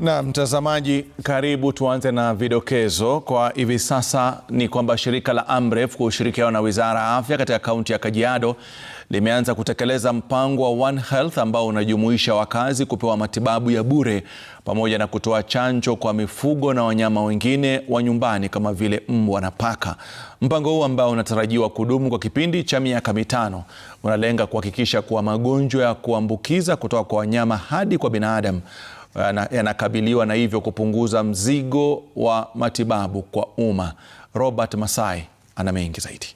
Na mtazamaji, karibu tuanze na vidokezo. Kwa hivi sasa ni kwamba shirika la Amref kwa ushirikiano na Wizara ya Afya katika kaunti ya Kajiado limeanza kutekeleza mpango wa One Health ambao unajumuisha wakazi kupewa matibabu ya bure pamoja na kutoa chanjo kwa mifugo na wanyama wengine wa nyumbani kama vile mbwa na paka. Mpango huu ambao unatarajiwa kudumu kwa kipindi cha miaka mitano unalenga kuhakikisha kuwa magonjwa ya kuambukiza kutoka kwa wanyama hadi kwa binadamu Eh, yanakabiliwa na hivyo kupunguza mzigo wa matibabu kwa umma. Robert Masai ana mengi zaidi.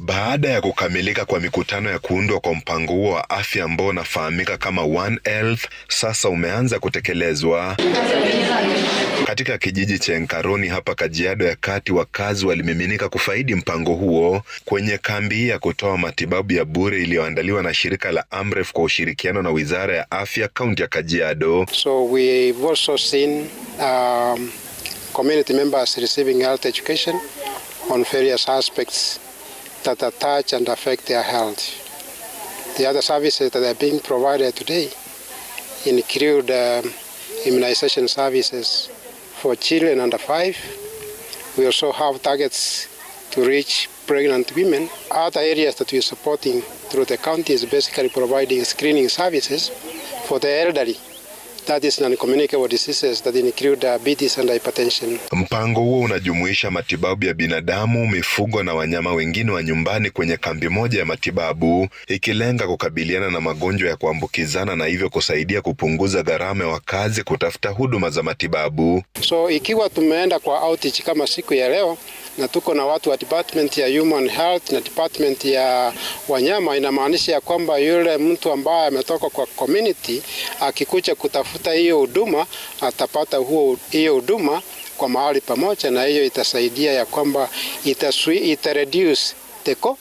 Baada ya kukamilika kwa mikutano ya kuundwa kwa mpango huo wa afya ambao unafahamika kama One Health, sasa umeanza kutekelezwa katika kijiji cha Enkaroni hapa Kajiado ya Kati. Wakazi walimiminika kufaidi mpango huo kwenye kambi ya kutoa matibabu ya bure iliyoandaliwa na shirika la Amref kwa ushirikiano na Wizara ya Afya kaunti ya Kajiado. So we've also seen, um, community members receiving health education on various aspects that attach and affect their health. The other services that are being provided today include um, immunization services for children under five. We also have targets to reach pregnant women. Other areas that we're supporting through the county is basically providing screening services for the elderly Uh, Mpango huo unajumuisha matibabu ya binadamu, mifugo na wanyama wengine wa nyumbani kwenye kambi moja ya matibabu, ikilenga kukabiliana na magonjwa ya kuambukizana na hivyo kusaidia kupunguza gharama ya wakazi kutafuta huduma za matibabu. So ikiwa tumeenda kwa outreach kama siku ya leo na tuko na watu wa department ya human health na department ya wanyama. Inamaanisha ya kwamba yule mtu ambaye ametoka kwa community akikuja kutafuta hiyo huduma atapata huo hiyo huduma kwa mahali pamoja, na hiyo itasaidia ya kwamba ita reduce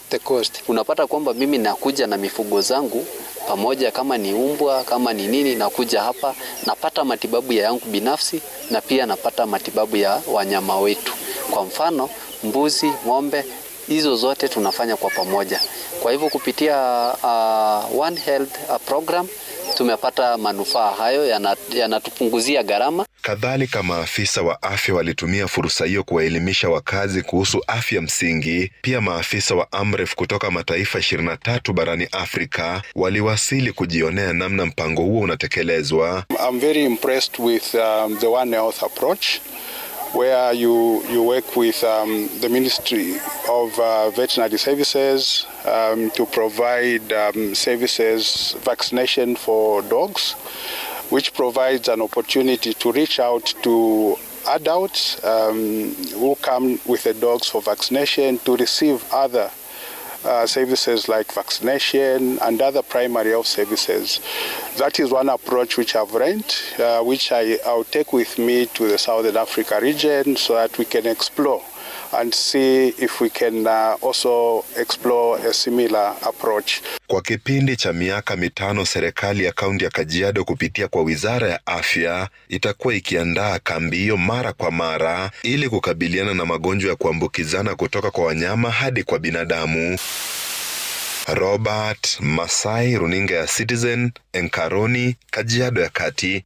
the cost. Unapata kwamba mimi nakuja na mifugo zangu pamoja kama ni umbwa kama ni nini, nakuja hapa napata matibabu ya yangu binafsi na pia napata matibabu ya wanyama wetu. Kwa mfano mbuzi, ng'ombe, hizo zote tunafanya kwa pamoja. Kwa hivyo kupitia uh, One Health uh, program tumepata manufaa hayo, yanatupunguzia yana gharama. Kadhalika, maafisa wa afya walitumia fursa hiyo kuwaelimisha wakazi kuhusu afya msingi. Pia maafisa wa Amref kutoka mataifa 23 barani Afrika waliwasili kujionea namna mpango huo unatekelezwa. I'm very impressed with, um, the One Health approach where you, you work with um, the Ministry of uh, Veterinary Services um, to provide um, services, vaccination for dogs, which provides an opportunity to reach out to adults um, who come with the dogs for vaccination to receive other uh, services like vaccination and other primary health services. That is one approach which I've learned, uh, which I, I'll take with me to the Southern Africa region so that we can explore and see if we can uh, also explore a similar approach. Kwa kipindi cha miaka mitano, serikali ya kaunti ya Kajiado kupitia kwa Wizara ya Afya itakuwa ikiandaa kambi hiyo mara kwa mara ili kukabiliana na magonjwa ya kuambukizana kutoka kwa wanyama hadi kwa binadamu. Robert Masai, Runinga ya Citizen, Enkaroni, Kajiado ya Kati.